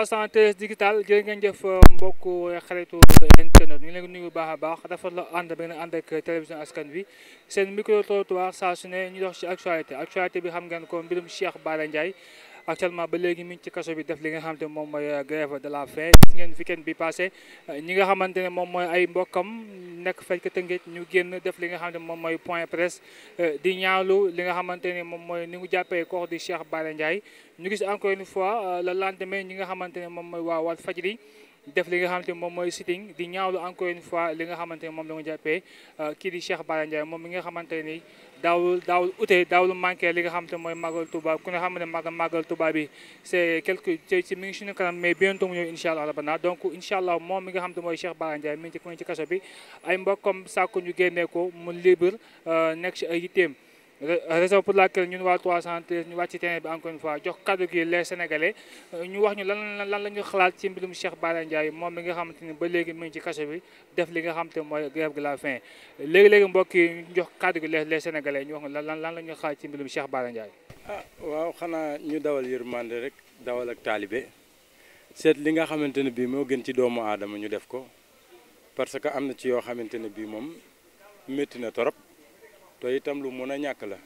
313 digital jërë ngeen jëf euh, mbokk xaritu internet ñu ngi leen di nuyu bu baax a baax rafet la ànd ba ngeen ànd ak télévision askan bi seen micro trottoir saa su ne ñu dox ci actualité actualité bi xam ngeen ko mbirum Cheikh baare Ndiaye actuellement ba léegi mi ngi ci kaso bi def li nga xamante ne moom mooy euh, grève de la faim gis ngeen weekend bi passé euh, ñi nga xamante ne moom mooy ay mbokkam nekk fekk Tëngéej ñu génn def li nga xamante ne moom mooy point presse euh, di ñaalu li nga xamante ne moom mooy ni mu jàppee corps du Cheikh Bara Ndiaye ñu gis encore une fois le lendemain ñi nga xamante ne moom mooy waa Walfadjri def li nga xam xamante moom mooy sitting di ñaawlu encore une fois li nga xamante moom la ñu jàppee euh, kii di Cheikh Bara Ndiaye moom mi nga xamante ni daawul daawul ute daawul manqué li nga xamante mooy màggal Touba ku ne xam ne màggal màggal tubaab bi c'est quelque ci mi ngi suñu kanam mais bientôt mu ñëw incha allah rabana donc incha allah moom mi nga xamante mooy Cheikh Bara Ndiaye mi ngi ci kaso bi ay mbokkam sàkku ñu génnee ko mu libre euh, nekk ci ay yitteem raison pour laquelle ñun waa 313 ñu wàcc terrain bi encore une fois jox kaddu gi ñu wax ñu lan lan la ñu xalaat ci mbirum Cheikh Bara Ndiaye moom mi nga xamante ni ba léegi mu ngi ci kaso bi def li nga xamante ni mooy grève de la faim léegi-léegi mbokk yi jox kaddu gi les les sénégalais ñu wax lan lan la ñu xalaat ci mbirum Cheikh Bara Ndiaye. ah waaw xanaa ñu dawal yërmande rek dawal ak taalibe seet li nga xamante ne bii moo gën ci doomu aadama ñu def ko parce que am na ci yoo xamante ne bii moom metti na torop te itam lu mun a ñàkk la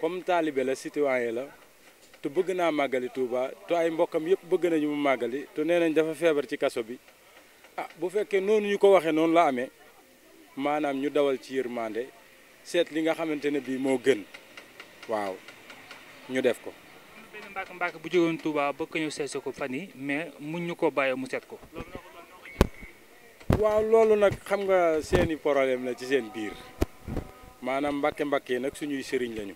comme taalibe la citoyen la te bëgg naa màggali Touba te ay mbokkam yëpp bëgg nañu mu màggali te nee nañ dafa feebar ci kaso bi ah bu fekkee noonu ñu ko waxee noonu la amee maanaam ñu dawal ci yërmande seet li nga xamante ne bii moo gën waaw ñu def ko. benn mbàkk bu jógee Touba bëgg ñu seet ko fan yi mais mun ko bàyyi mu seet ko. waaw loolu nag xam nga seeni problème la ci seen biir. maanaam mbàkke mbàkke yi nag suñuy sëriñ lañu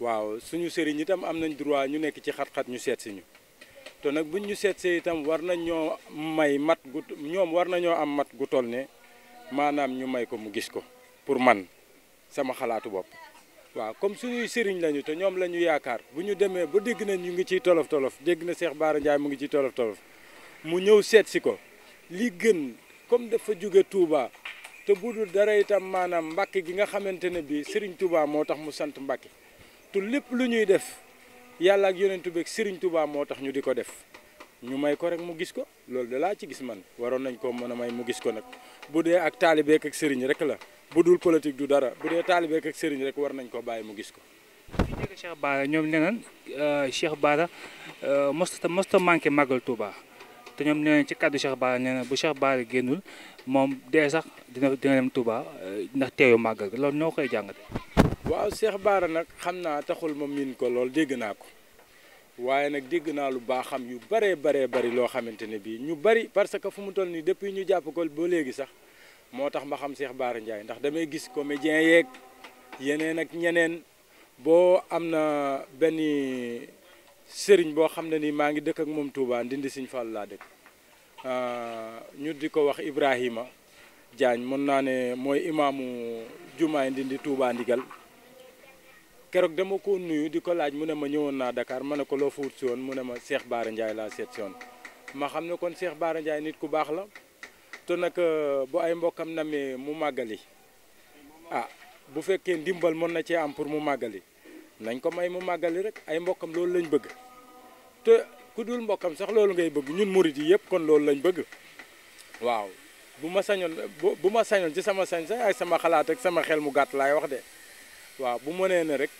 waaw suñu sëriñ itam am nañ droit ñu nekk ci xat-xat ñu seet si ñu te nag buñ ñu seetsee itam war nañ ñoo may mat gu ñoom war nañoo am mat gu toll ne maanaam ñu may ko mu gis ko pour man sama xalaatu bopp. waaw comme suñuy sëriñ lañu te ñoom la ñu yaakaar bu ñu demee ba dégg nañ ñu ngi ciy tolof tolof dégg na seex Bara Ndiaye mu ngi ciy tolof tolof mu ñëw seet si ko li gën comme dafa jóge Touba te bu dul dara itam maanaam Mbàkke gi nga xamante ne bii Serigne Touba moo tax mu sant Mbàkke te lépp lu ñuy def yàlla ak yeneen beeg Serigne Touba moo tax ñu di ko def ñu may ko rek mu gis ko loolu da laa ci gis man waroon nañ ko mën a may mu gis ko nag bu dee ak taalibeek ak Serigne rek la bu dul politique du dara bu dee taalibeek ak Serigne rek war nañ ko bàyyi mu gis ko. Cheikh Bara ñoom nee nañ euh, Cheikh Bara euh, mosut a mosut a manqué màggal Touba. te ñoom nee ci kàddu Cheikh Bara nee na bu Cheikh Bara génnul moom dee sax dina dina dem Touba eh, ndax teeyu màggal loolu noo koy jàngate waaw seex Bara nag xam naa taxul ma miin ko lool dégg naa ko waaye nag dégg naa lu baax xam yu baree baree bari loo xamante ne bii ñu bari parce que fu mu toll nii depuis ñu jàpp ko ba léegi sax moo tax ma xam seex Bara Ndiaye ndax damay gis comédien yeeg yeneen ak ñeneen boo am na benn sëriñ boo xam ne ni maa ngi dëkk ak moom Touba ndindi Sëñ Fall laa dëkk ah, ñu di ko wax Ibrahima jaañ mën naa ne mooy imaamu jumaay ndindi Touba ndigal keroog dama ko nuyu di ko laaj mu ne ma ñëwoon naa dakaar ma ne ko loo fa wut si woon mu ne ma Cheikh Baara Ndiaye laa seet si woon ma xam ne kon Cheikh Baara Ndiaye nit ku baax la te nag ah, bu ay mbokkam namee mu màggali ah bu fekkee ndimbal mën na cee am pour mu màggali. nañ ko may mu màggali rek ay mbokkam loolu lañ bëgg te ku dul mbokkam sax loolu ngay bëgg ñun murit yi yëpp kon loolu lañ bëgg waaw bu ma sañoon bu ma sañoon ci sama sañ sax ay sama xalaat ak sama xel mu gàtt laay wax de waaw bu mënee ne rek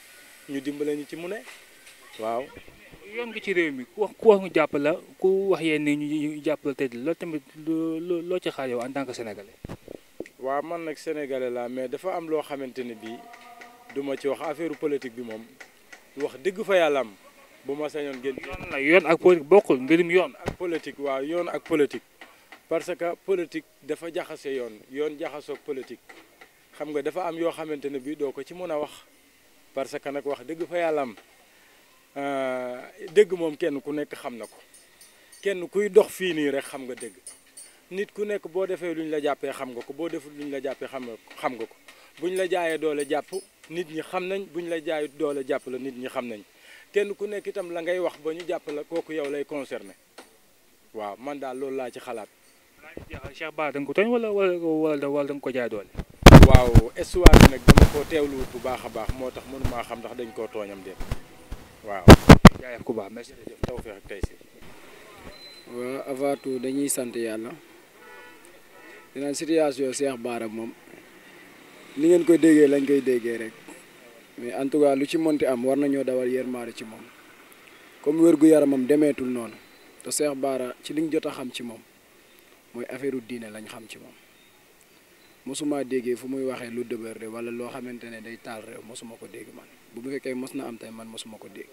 ñu dimbale ñu ci mu ne waaw. yoon bi ci réew mi ku wax ku wax ñu jàpp la ku wax yenn ñu jàpp la tëj loolu tamit loo ci xaar yow en tant que sénégalais. waaw man nag sénégalais laa mais dafa am loo xamante ne bii. du ma ci wax affaire politique bi moom wax dëgg fa yàllaam bu ma sañoon génn. yoon la yoon ak politique bokkul mbirum yoon. ak politique waaw yoon ak politique parce que politique dafa jaxase yoon yoon jaxasoog politique xam nga dafa am yoo xamante ne bii doo ko ci mën a wax parce que nag wax dëgg fa yàllaam euh, dëgg moom kenn ku nekk xam na ko kenn kuy dox fii nii rek xam nga dëgg nit ku nekk boo defee luñ la jàppee xam nga ko boo deful luñ la jàppee xam nga ko xam nga ko la jaayee doole jàpp. nit ñi xam nañ buñ la jaayut doole jàpp la nit ñi xam nañ kenn ku nekk itam la ngay wax ba ñu jàpp la kooku yow lay concerné waaw man daal loolu laa ci xalaat. Cheikh Bara da ko tooñ wala wala wala da nga ko jaay doole. waaw histoire bi nag dama ko teewluwut bu baax a baax moo tax mënumaa xam ndax dañ koo tooñam dem waaw. jaayaf ku baax merci jërëjëf tawfeex ak tey si. waaw avant tout dañuy sant yàlla. dinañ situation Cheikh Bara moom. li ngeen koy déggee lañ koy déggee rek mais en tout cas lu ci monti am war nañoo dawal yërmaande ci moom comme wér-gu-yaramam demeetul noonu te Cheikh Bara ci liñ jot a xam ci moom mooy affaire diine lañ xam ci moom mosuma déggee fu muy waxee lu dëbër de wala loo xamante ne day taal réew mosuma ko dégg man bu mu fekkee mos na am tey man mosuma ko dégg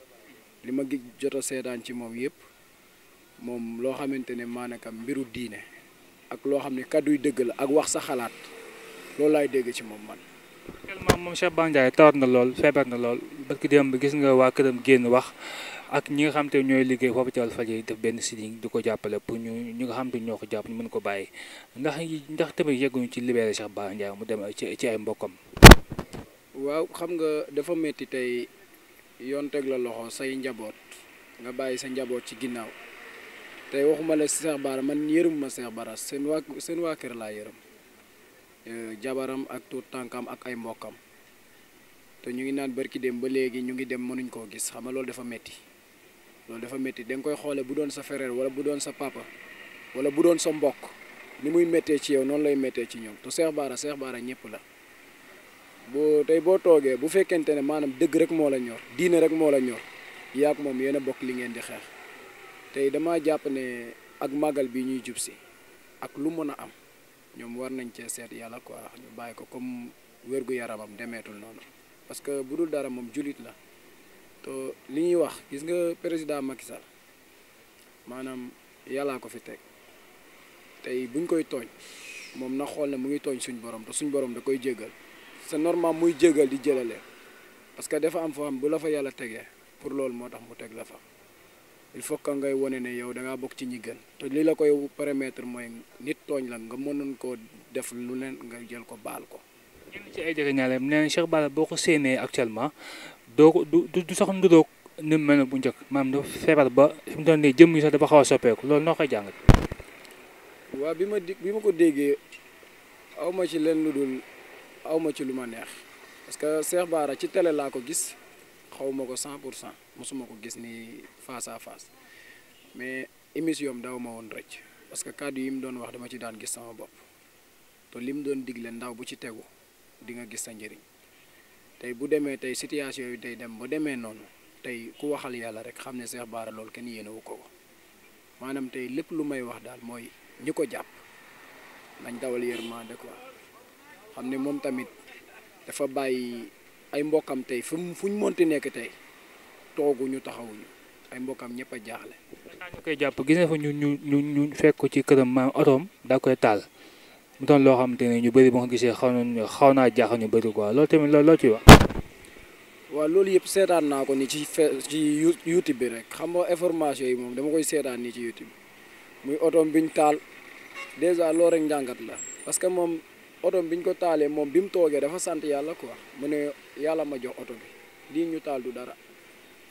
li ma gi jot seddaan ci moom yëpp moom loo xamante ne maanakam mbiru diine ak loo xam ne kàddu yu la ak wax sa xalaat loolu laay dégg ci moom man. actuellement moom Cheikh Bara Ndiaye tawat na lool feebar na lool parce dem démb gis nga waa këram génn wax ak ñi nga xam te ñooy liggéey foofu ci yi def benn sitting di ko jàppale pour ñu ñu nga xam te ñoo ko jàpp ñu mën ko bàyyi ndax ndax tamit yegguñu ci libéré Cheikh Bara Ndiaye mu dem ci ci ay mbokkam. waaw xam nga dafa metti tey yoon teg la loxo say njaboot nga bàyyi sa njaboot ci ginnaaw tey waxuma la Cheikh Bara man yërëm ma Cheikh Bara seen waa seen waa kër laa yërëm. Eh, jabaram ak tuut tànkam ak ay mbokkam te ñu ngi naan barki dem ba léegi ñu ngi dem mënuñ koo gis xam loolu dafa metti loolu dafa metti danga koy xoolee bu doon sa frère wala bu doon sa papa wala bu doon sa mbokk ni muy méttee ci yow noonu lay méttee ci ñoom te Cheikh baara Cheikh baara ñëpp la boo tey boo toogee bu fekkente ne maanaam dëgg rek moo la ñor diine rek moo la ñor yaak moom yéen a bokk li ngeen di xeex tey dama jàpp ne ak màggal bi ñuy jub si ak lu mën a am ñoom war nañ cee seet yàlla quoi ñu bàyyi ko comme wérgu yaramam demeetul noonu parce que bu dul dara moom jullit la te li ñuy wax gis nga président Macky Sall maanaam yàllaa ko fi teg tey buñ koy tooñ moom na xool ne mu ngi tooñ suñ borom te suñ borom da koy jéggal sa normal muy jéggal di jëlale parce que dafa am foo am bu la fa yàlla tegee pour loolu moo tax mu teg la fa. il faut que ngay wone ne yow da bokk ci ñi gën te lii la ko koy permettre mooy nit tooñ la nga mënoon koo def lu leen nga jël ko baal ko. ñenn ci ay jegeñaaleem boo ko séenee actuellement doo ko du du sax nduróog ni mu mel bu njëkk maam dafa feebar ba fi mu toll jëmm yi sax dafa xaw a soppeeku loolu noo koy jàngat. waaw bi ma di bi ma ko déggee aw ma ci leen lu dul aw ma ci lu ma neex parce que Cheikh ci tele laa ko gis xaw ko cent pour cent mosuma ko gis ni face à face mais émission daaw ma woon rëcc parce que kàddu yi mu doon wax dama ci daan gis sama bopp te li mu doon digle ndaw bu ci tegu di nga gis sa njëriñ tey bu demee tey situation yi tey dem ba demee noonu tey ku waxal yàlla rek xam ne Cheikh Bara loolu kenn yéenewu ko ko maanaam tey lépp lu may wax daal mooy ñi ko jàpp nañ dawal de ko xam ne moom tamit dafa bàyyi ay mbokkam tey fu mu fu ñu monti nekk tey tooguñu taxawuñu ay mbokkam ñëpp a jaaxle. ñu koy jàpp gis nga fa ñu ñu ñu ñu fekk ko ci këram maam otoom daa koy taal mu loo xamante ne ñu bëri boo gisee xaw nañu xaw naa jaaxal ñu bëri quoi loolu tamit loolu loo ci wax. waaw loolu yëpp seetaan naa ko ni ci ci YouTube bi rek xam nga information yi moom dama koy seetaan ni ci YouTube muy otoom ñu taal déjà loolu rek njàngat la parce que moom otoom biñ ko taalee moom bi mu toogee dafa sant yàlla quoi mu ne yàlla ma jox oto bi lii ñu taal du dara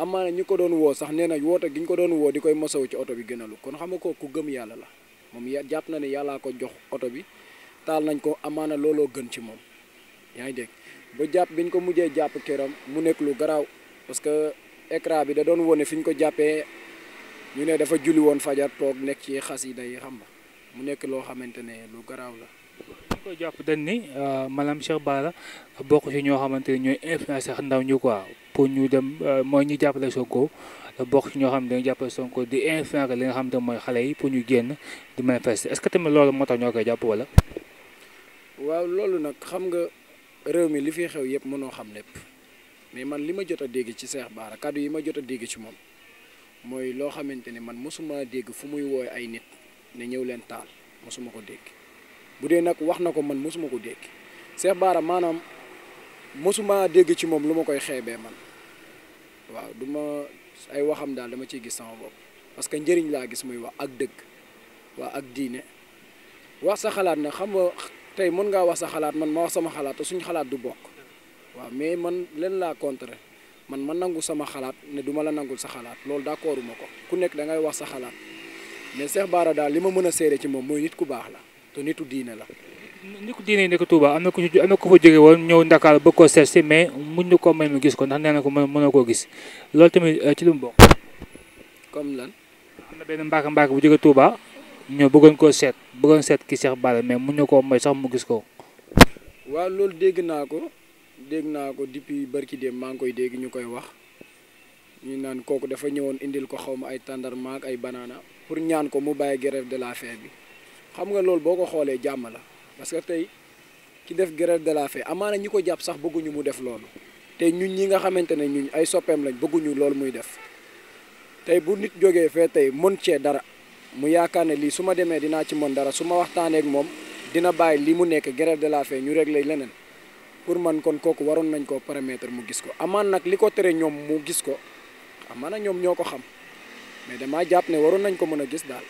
amaana ñi ko doon woo sax nee na woote gi ñu ko doon woo di koy mosawu ci oto bi gënalu kon xama nga ko ku gëm yàlla la moom ya jàpp na ne yàllaa ko jox oto bi taal nañ ko amaana looloo gën ci moom yaa ngi dégg ba jàpp bi ñu ko mujjee jàpp këram mu nekk lu garaaw parce que écran bi da doon wone fi ñu ko jàppee ñu ne dafa julli woon fajar toog nekk ci xas yi day xam mu nekk loo xamante ne lu garaaw la ko jàpp dañ ni euh, maanaam Cheikh Bara bokk ci ñoo xamante ne ñooy influencer ndaw ñu quoi pour ñu dem euh, mooy ñu jàppale Sonko bokk ñoo xam ne dañu jàppale Sonko di influencer li nga xam ne mooy xale yi pour ñu génn di est-ce que tamit loolu moo ñoo koy jàpp wala. loolu nag xam nga réew mi li fi xew yëpp mënoo xam lépp mais man li ma jot a dégg ci Cheikh baara kàddu yi ma jot a dégg ci moom mooy loo xamante ni man mosuma dégg fu muy wooy ay nit ne ñëw leen taal mosuma ko dégg. bu dee nag wax na ko man mosuma ko dégg Cheikh baara maanaam mosuma dégg ci moom lu ma koy xeebee man waaw duma ay waxam daal dama ciy gis sama bopp parce que njëriñ laa gis muy wax ak dëgg waa ak diine wax sa xalaat ne xam nga tey mën ngaa wax sa xalaat man ma wax sama xalaat suñu xalaat du bokk waaw mais man leen laa contre man ma nangu sama xalaat ne du ma la nangul sa xalaat loolu d'accorduma ko ku nekk da ngay wax sa xalaat mais Cheikh Bara daal li ma mën a seere ci moom mooy nit ku baax la te nitu diine la. ko diine nekk Touba am na ku am na ku fa jóge woon ñëw Ndakaaru bëgg ko seet si mais mu na ko may mu gis ko ndax nee na ko mën na koo gis loolu tamit eh, ci lu mu bokk. comme lan. am na benn mbaaka mbaaka bu jóge tuubaa ñoo bëggoon koo seet bëggoon seet ki Cheikh Bara mais muñ na koo may sax mu gis ko. waaw loolu dégg naa ko dégg naa ko depuis barki dem maa ngi koy dégg ñu koy wax. ñu naan kooku dafa ñëwoon indil ko xaw ma ay tàndarma ak ay banaana pour ñaan ko mu bàyyi grève de la faim bi xam nga loolu boo ko xoolee jàmm la parce que tey ki def grève de la faim amaana ñi ko jàpp sax bëgguñu mu def loolu te ñun ñi nga xamante ne ñun ay soppeem lañ bëgguñu loolu muy def tey bu nit jógee fee tey mën cee dara mu yaakaar ne lii su ma demee dinaa ci mën dara su ma waxtaaneek moom dina bàyyi li mu nekk grève de la faim ñu réglé leneen pour man kon kooku waroon nañ koo paramètre mu gis ko amaan nag li ko tere ñoom mu gis ko amaan na ñoom ñoo ko xam mais damaa jàpp ne waroon nañ ko mën a gis daal.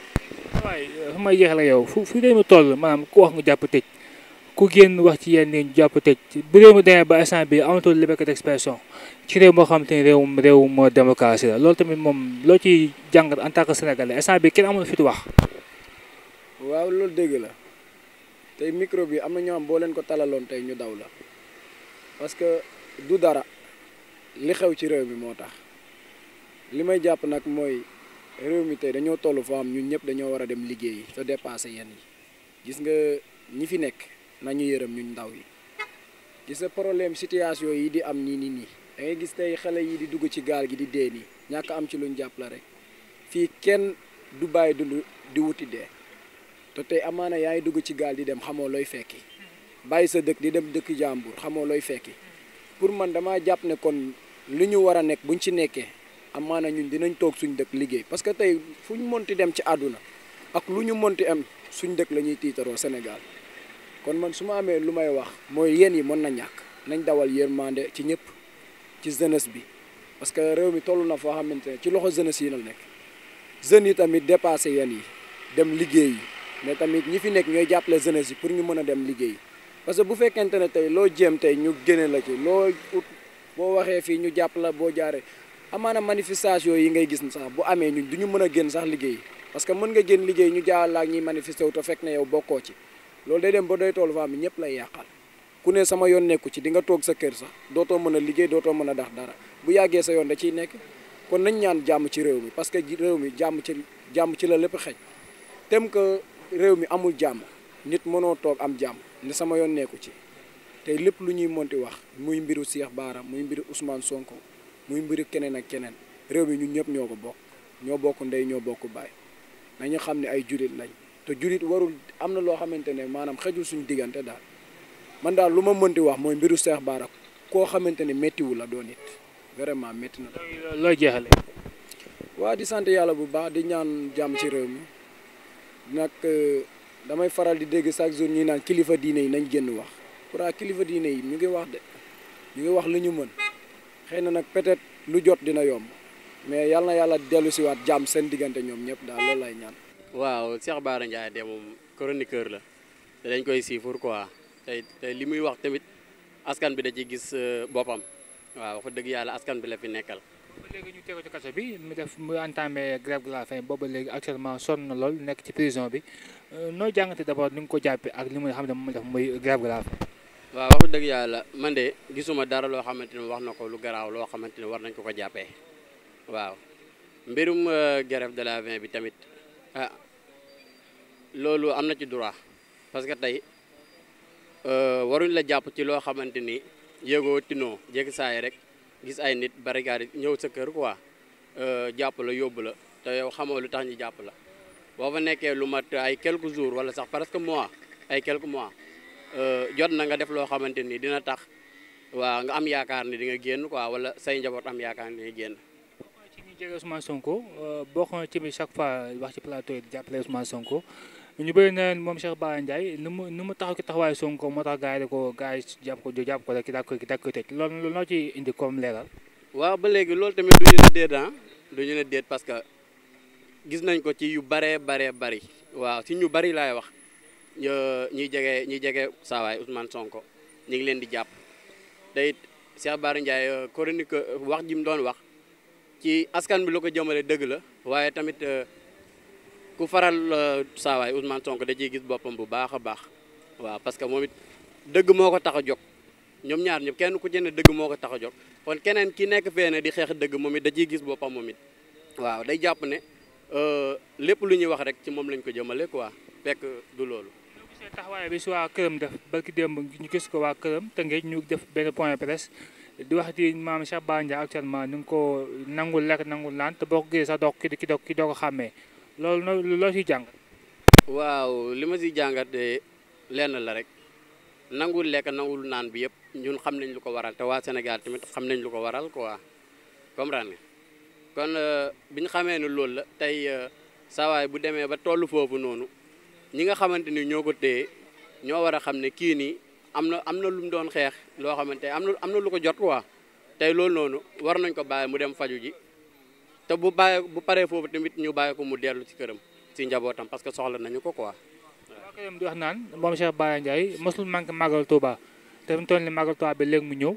waaye euh, ma jeex la yow fu fu réew mi toll maanaam ku wax nga jàpp tëj ku génn wax ci yenn yi ñu jàpp tëj bu réew mi demee ba instant bi amatul liberté d'expression ci réew moo xam te ni réewum réewum démocratie la loolu tamit moom loo ciy jàng en tant que sénégalais instant bi kenn amul fit wax. waaw loolu dégg la tey micro bi am na ñoo boo leen ko talaloon tey ñu daw la parce que du dara li xew ci réew mi moo tax li may jàpp nag mooy. réew mi tey dañoo toll foo am ñun ñëpp dañoo war a dem liggéey te dépassé yenn yi gis nga ñi fi nekk nañu yërëm ñun ndaw yi gis sa problème situation yi di am nii nii nii da ngay gis tey xale yi di dugg ci gaal gi di dee nii ñàkk am ci luñ jàpp la rek fii kenn du bàyyi dund di wuti dee te tey amaana yaa ngi dugg ci gaal di dem xamoo looy fekki bàyyi sa dëkk di dem dëkk jàmbur xamoo looy fekki pour man dama jàpp ne kon lu ñu war a nekk buñ ci nekkee. amaana ñun dinañ toog suñ dëkk liggéey parce que tey fu ñu mënti dem ci àdduna ak lu ñu mënti am suñ dëkk la ñuy tiitaroo Sénégal kon man su ma amee lu may wax mooy yéen yi mën na ñàkk nañ dawal yërmande ci ñëpp ci jeunesse bi parce que réew mi toll na foo xamante ne ci loxo jeunesse yi la nekk jeunes yi tamit dépassé yéen yi dem liggéey yi mais tamit ñi fi nekk ñooy jàppale jeunesse yi pour ñu mën a dem liggéey parce que bu fekkente ne tey loo jéem tey ñu génne la ci loo boo waxee fii ñu jàpp boo jaaree amaana manifestation yi ngay gis sax bu amee ñu du ñu mën a génn sax liggéey parce que mën nga génn liggéey ñu jaawal laa ñuy manifester wu te fekk na yow bokkoo ci loolu day dem ba doy toolu faa mi ñëpp lay yàqal ku ne sama yoon nekku ci di nga toog sa kër sax dootoo mën a liggéey dootoo mën a dax dara bu yàggee sa yoon da ciy nekk kon nañ ñaan jàmm ci réew mi parce que réew mi jàmm ci jàmm ci la lépp xej tem que réew mi amul jàmm nit mënoo toog am jàmm ne sama yoon nekku ci te lépp lu ñuy monti wax muy mbiru Cheikh Bara muy mbiru Ousmane Sonko muy mbiri keneen ak keneen réew mi ñu ñëpp ñoo ko bokk ñoo bokk ndey ñoo bokk baay nañu xam ne ay julit lañ te julit warul am na loo xamante ne maanaam xejul suñu diggante daal man daal lu ma mënti wax mooy mbiru Cheikh Bara koo xamante ni méttiwu la doon it vraiment métti na. looy jeexale waa di sant yàlla bu baax di ñaan jàmm ci réew mi nag euh, damay faral di dégg chaque jour ñuy naan kilifa diine yi nañ génn wax pourtant kilifa diine yi ñu ngi wax de ñu wax lu ñu mën. xëy na nag peut-être lu jot dina yomb mais yal na yàlla dellu siwaat jàmm seen diggante ñoom ñëpp daal loolu lay ñaan. waaw Cheikh Bara Ndiaye de moom chroniqueur la te dañ koy suivre quoi tey tey li muy wax tamit askan bi da ciy gis euh, boppam waaw wax dëgg yàlla askan bi la fi nekkal. ba léegi bi mu def mu entamé grève de la faim booba actuellement sonn na lool nekk ci prison bi euh, noo jàngate d'abord ni nga ko jàppee ak li mu xam ne moom def muy grève de waaw wax dëgg yàlla man de gisuma dara loo xamante ne wax na ko lu garaaw loo xamante ne war nañ ko ko jàppee waaw mbirum euh, grève de la faim bi tamit ah, loolu am na ci droit parce que tey euh, waruñ la jàpp ci loo xamante ni yëgoo tinoo jékki saa rek gis ay nit barricade ñëw sa kër quoi euh, jàpp la yóbbu la te yow xamoo lu tax ñu jàpp la boo fa nekkee lu mat ay quelques jour wala sax presque mois ay quelque mois Euh, jot na nga def loo xamante ni dina tax waaw nga am yaakaar ni di génn quoi wala say njaboot am yaakaar ni di nga génn. Sonko euh, bokk na ci bi chaque fois wax ci plateau yi di jàppale Sonko ñu bëri moom Cheikh Bara Ndiaye nu mu nu mu taxaw ki Sonko moo tax ko gars yi jàpp jàpp ko rek ki daa koy ki daa koy ci indi comme leeral. waaw ba léegi loolu tamit du ñu ne déet ah, parce que gis nañ ko ci yu baree baree bari waaw si ñu bari laay wax. ñuy jege ñuy jege saawaay Ousmane Sonko ñu ngi leen di jàpp tey Cheikh Bara Ndiaye euh, chronique wax ji doon wax ci askan bi la ko jëmale dëgg la waaye tamit euh, ku faral euh, saawaay Ousmane Sonko da ciy gis boppam bu baax a baax waaw parce que moom it dëgg moo ko tax a jóg ñoom ñaar kenn ku jënd dëgg moo ko tax a jóg kon keneen ki nekk fee di xeex dëgg moom it da gis boppam moom it waaw day jàpp ne lépp lu ñuy wax rek ci moom lañ ko jëmale waa fekk du loolu gisee taxawaay bi si waa këram def barki démb ñu gis ko waa këram te ngeen ñu def benn point presse di wax di maam Cheikh Bara Ndiaye actuellement ñu ko nangul lekk nangul naan te boo ko gisee sax ki ki ki doo ko xàmmee loolu noonu loo siy jàngat. waaw li ma siy jàngat lenn la rek nangul lekk nangul naan bi yëpp ñun xam nañ lu ko waral te waa Sénégal tamit xam nañ lu ko waral quoi comprendre nga kon euh, bi ñu xamee ne loolu la tey euh, sawaay bu demee ba tollu foofu noonu. ñi nga xamante ni ñoo ko téye ñoo war a xam ne kii nii am na am na lu mu doon xeex loo xamante am na am na lu ko jot waa tey loolu noonu war nañ ko bàyyi mu dem faju ji te bu bàyyi bu paree foofu tamit ñu bàyyi ko mu dellu ci këram ci njabootam parce que soxla nañu ko quoi. waaw di wax naan moom Cheikh Bara Ndiaye mosul manqué màggal Touba te fi mu toll nii màggal bi léegi mu ñëw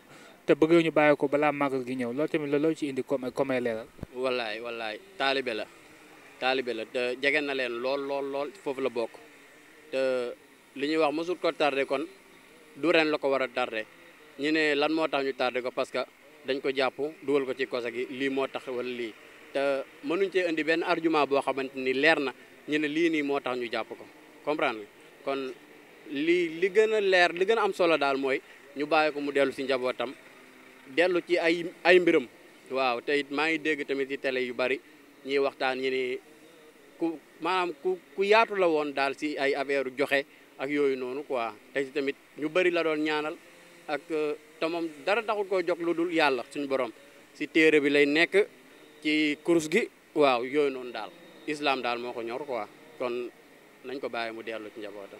te bëgg ñu bàyyi ko balaa màggal gi ñëw loolu tamit loolu ci indi comme comme ay leeral. wallaay wallaay taalibe la taalibe la jege na leen lool lool foofu la bokk. te li ñu wax mosul ko tardé kon du ren la ko war a tardé ñu ne lan moo tax ñu tardé ko parce que dañ ko jàpp dugal ko ci kosa gi lii moo tax wala lii te mënuñ cee indi benn arjument boo xamante ni leer na ñu ne lii nii moo tax ñu jàpp ko comprendre kon lii li gën a leer li gën am solo daal mooy ñu bàyyi ko mu dellu si njabootam dellu ci ay ay mbiram waaw te maa ngi dégg tamit ci télé yu bari ñuy waxtaan ñi ni ku maanaam ku ku yaatu la woon daal si ay affaire joxe ak yooyu noonu quoi te tamit ñu bëri la doon ñaanal ak euh, te moom dara taxul koo jox lu dul yàlla suñu borom si téere bi lay nekk ci kurus gi waaw yooyu noonu daal islam daal moo ko ñor quoi kon nañ ko bàyyi mu dellu ci njabootam.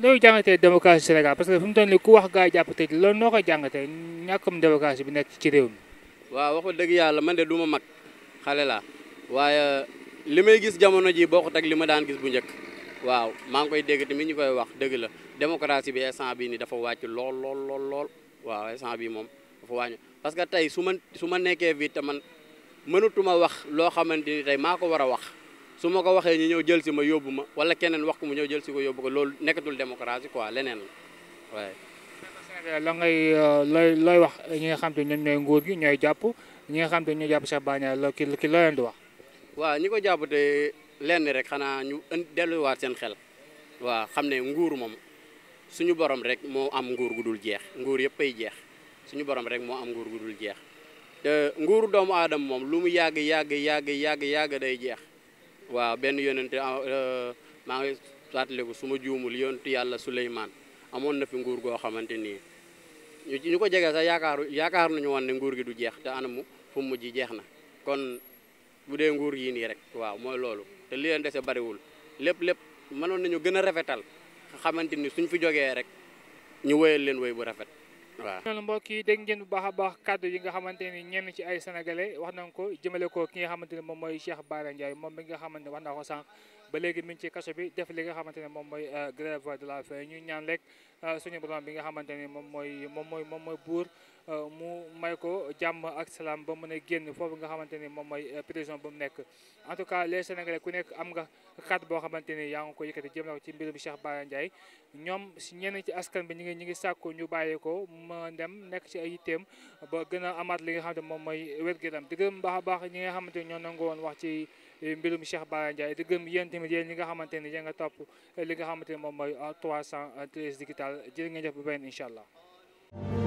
loolu jàngatee démocratie Sénégal parce que fi mu toll nii ku wax gaa jàpp tëj loolu noo ko jàngatee ñàkkum démocratie bi nekk ci réew mi. waaw wax dëgg yàlla man de du ma mag xale laa waaye li may gis jamono ji bokkut ak li ma daan gis bu njëkk waaw maa ngi koy dégg tamit ñu koy wax dëgg la démocratie bi instant bii ni dafa wàcc lool lool lool lool waaw instant bii moom dafa wàññi parce que tey su ma su ma nekkee fii te man mënatuma wax loo xamante ni maa ko war a wax su ma ko waxee ñu ñëw jël si ma yóbbu ma wala keneen wax ko mu ñëw jël si ko yóbbu ko loolu nekkatul démocratie ko leneen la waaye. la ngay euh, looy looy wax ñi nga xam te ñoom ñooy nguur gi ñooy jàpp ñi nga xam te ñooy jàpp Cheikh Bara Ndiaye ki ki loo leen di wax. waaw ñi ko jàpp te lenn rek xanaa ñu ën seen xel waa xam ne nguur moom suñu borom rek moo am nguur gu dul jeex nguur yëpp ay jeex suñu borom rek moo am nguur gu dul jeex te nguur doomu aadama moom lu mu yàgg yàgg yàgg yàgg yàgg day jeex waa benn yonente ah, euh, maa ngi fàttaliku su ma juumul yonentu yàlla Suleymaan amoon na fi nguur goo xamante nii ñu ko jege sax yaakaaru yaakaar nañu woon ne nguur gi du jeex te mu fu muj mujj jeex na kon bu dee nguur yii nii rek waaw mooy loolu te li leen dese bariwul lépp lépp mënoon nañu gën a rafetal xamante ni suñ fi jógee rek ñu woyal leen woy bu rafet waaw. noonu mbokk yi dégg ngeen bu baax baax kàddu yi nga xamante ni ñenn ci ay sénégalais wax nañ ko jëmale ko ki nga xamante ni moom mooy Cheikh Bara Ndiaye moom mi nga xamante ni wax naa ko sànq. ba léegi mi ci kaso bi def li nga xamante ne moom mooy euh, grève de la faim ñu ñaan rek euh, suñu borom bi nga xamante ne moom mooy moom mooy moom mooy buur Euh, mu may ko jàmm ak salaam ba mën a génn foofu nga xamante ni moom mooy euh, prison bu mu nekk en tout cas les sénégalais ku nekk am nga xat boo xamante ni yaa ngi ko yëkkati jëm na ko ci mbirum Cheikh Bara Ndiaye ñoom si ñenn ci askan bi ñu ngi ñu ngi sàkku ñu bàyyi ko ma nekk ci ay yitteem ba gën a amaat li nga xamante moom mooy wér-gu-yaram di gërëm baax baax ñi nga xamante ni ñoo nangu woon wax ci eh, mbirum Cheikh Bara Ndiaye di gërëm yéen tamit yéen ñi nga xamante ni yéen nga topp eh, li nga xamante ni moom mooy 313 eh, digital jërë ngeen jëf bu benn incha allah